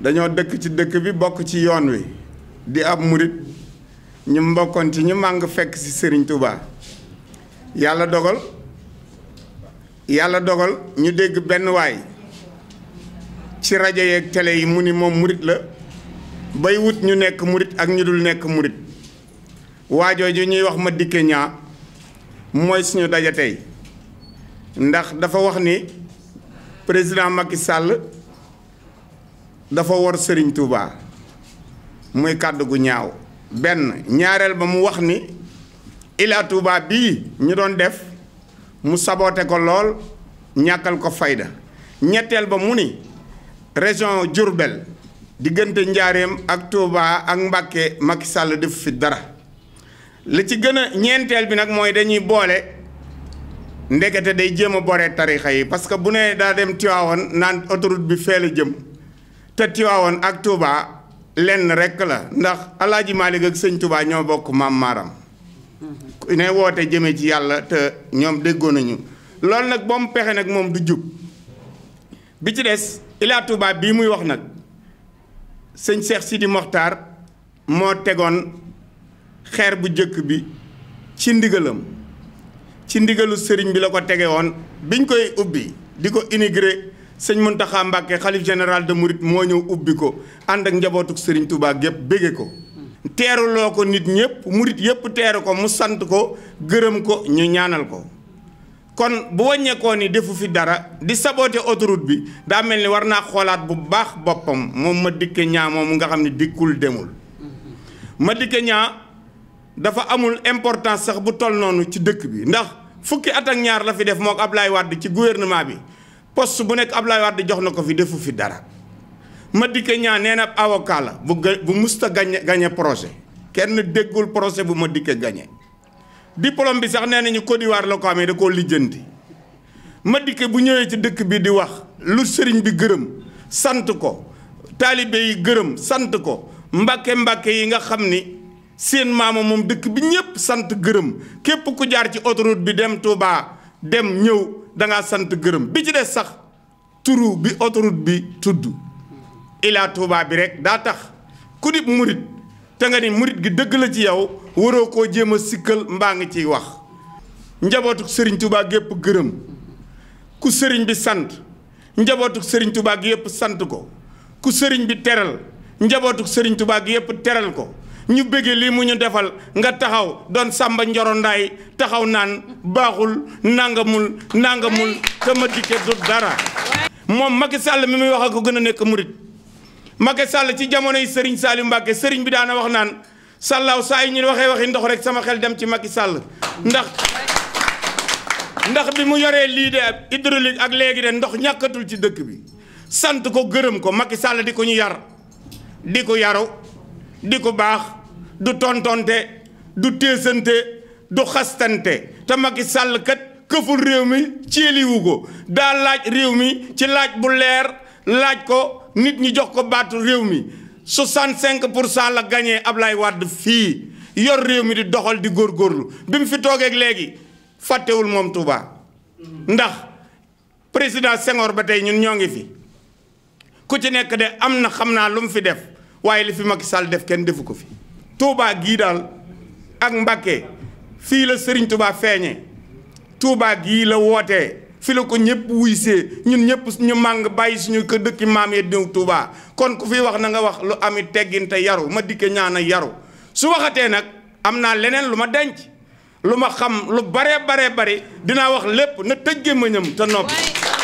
dañoo dëkk ci dëkk bi bokk ci yoon wi di ab murit ñu mbokkoon ci ñu màng fekk ci sëriñ Touba yàlla dogal yàlla dogal ñu dégg benn waay ci rajo yeeg télé yi mu ni moom murit la bay wut ñu nekk murit ak ñu dul nekk murit waajooju ñuy wax ma dikke ñaa mooy suñu daja tey ndax dafa wax ni président Macky sàll dafa war sëriñ Touba muy kàddu gu ñaaw benn ñaareel ba mu wax ni Ila Touba bii ñu doon def mu saboote ko lool ñàkkal ko fayda ñetteel ba mu ni région Diourbel diggante Njaareem ak Touba ak Mbàkke Macky sàll def fit dara li ci gën a ñeenteel bi nag mooy dañuy boole ndekete day jéem a boree tarixa yi parce que bu nee daa dem Tiwaawan naan autoroute bi fee la jëm te ak Touba lenn rekk la ndax alaaji Maalik ak sëñ Touba ñoo bokk maam maaram mm-hmm. ne woote jëme ci yàlla te ñoom déggoo nañu loolu nag ba mu pexe nag moom du jub bi ci des Ila Touba bii muy wax nag sëñ Cheikh Sidi Mokhtar moo tegoon xeer bu jëkk bi ci ndigalam ci ndigalu sëriñ bi la ko tege woon biñ koy ubbi di ko intégré sëñ Muntaxa Mbàkke xalif général de murit moo ñëw ubbi ko ànd ak njabootuk sëriñ Touba gépp bégge ko teeruloo ko nit ñëpp murit yëpp teeru ko mu sant ko gërëm ko ñu ñaanal ko kon bu wàññeekoo ni defu fi dara di saboté autoroute bi daa mel ni war naa xoolaat bu baax boppam moom ma dikke ñaa moom nga xam ne dikkul demul ma dikke ñaa dafa amul important sax bu toll noonu ci dëkk bi ndax fukki atak ñaar la fi def moo mook Ablaye Wade ci gouvernement bi poste bu nekk Ablaye Wade jox na ko fi defu fi dara Madické Niang nee na avocat la bu bu musta gañe gañe projet kenn déggul projet bu ma Madické gañe diplôme bi sax nee nañu Côte d'Ivoire la ko amee da koo lijjanti Madické bu ñëwee ci dëkk bi di wax lu sëriñ bi gërëm sant ko taalibe yi gërëm sant ko mbàkke mbàkke yi nga xam ni seen maama moom dëkk bi ñépp sant gërëm képp ku jaar ci autoroute bi dem Touba dem ñëw dangaa sant gërëm bi ci des sax turu bi autoroute bi tudd Ila Touba bi rek daa tax ku di murit te nga ni murit gi dëgg la ci yow waroo koo jéem a sikkal mbaa ngi ciy wax njabootuk sëriñ Touba gépp gërëm ku sëriñ bi sant njabootuk sëriñ Touba gi yëpp sant ko ku sëriñ bi teral njabootuk sëriñ Touba gi yëpp teral ko ñu bëggee lii mu ñu defal nga taxaw doon sàmba njorondaay taxaw naan baaxul nangamul nangamul te ma dikkee du dara moom Macky sàll mi muy wax ak ko gën a nekk murit Macky sàll ci jamonoy sëriñ Saliou Mbacké sëriñ bi daana wax naan sàllaaw saa yi ñu waxee waxi ndox rek sama xel dem ci Macky sàll ndax ndax bi mu yoree lii de hydraulique ak léegi de ndox ñàkkatul ci dëkk bi sant ko gërëm ko Macky sàll di ko ñu yar di ko yaru di ko baax du tontonte du téesante du xastante te Macky Sall kat këful réew mi ci ceeliwu ko daa laaj réew mi ci laaj bu leer laaj ko nit ñi jox ko baatu réew mi 65 pour cent la gagné Ablaye wàdd fii yor réew mi di doxal di góorgóorlu bi mu fi toogeek léegi fàttewul moom Touba ndax président Senghor ba tey ñun ñoo ngi fi ku ci nekk de am na xam naa lu mu fi def waaye li fi Macky sàll def kenn defu ko fi Touba gii daal ak Mbakke fii la sëriñ Touba feeñe Touba gii la wootee fi la ko ñëpp wuysee ñun ñëpp ñu màng bàyyi suñu ko dëkki maam yi diw tuubaa kon ku fi wax na nga wax lu ami tegginte te yaru ma dikke ñaana yaru su waxatee nag am naa leneen lu ma denc lu ma xam lu baree baree bari dinaa wax lépp na tëj gémmiñam te noppi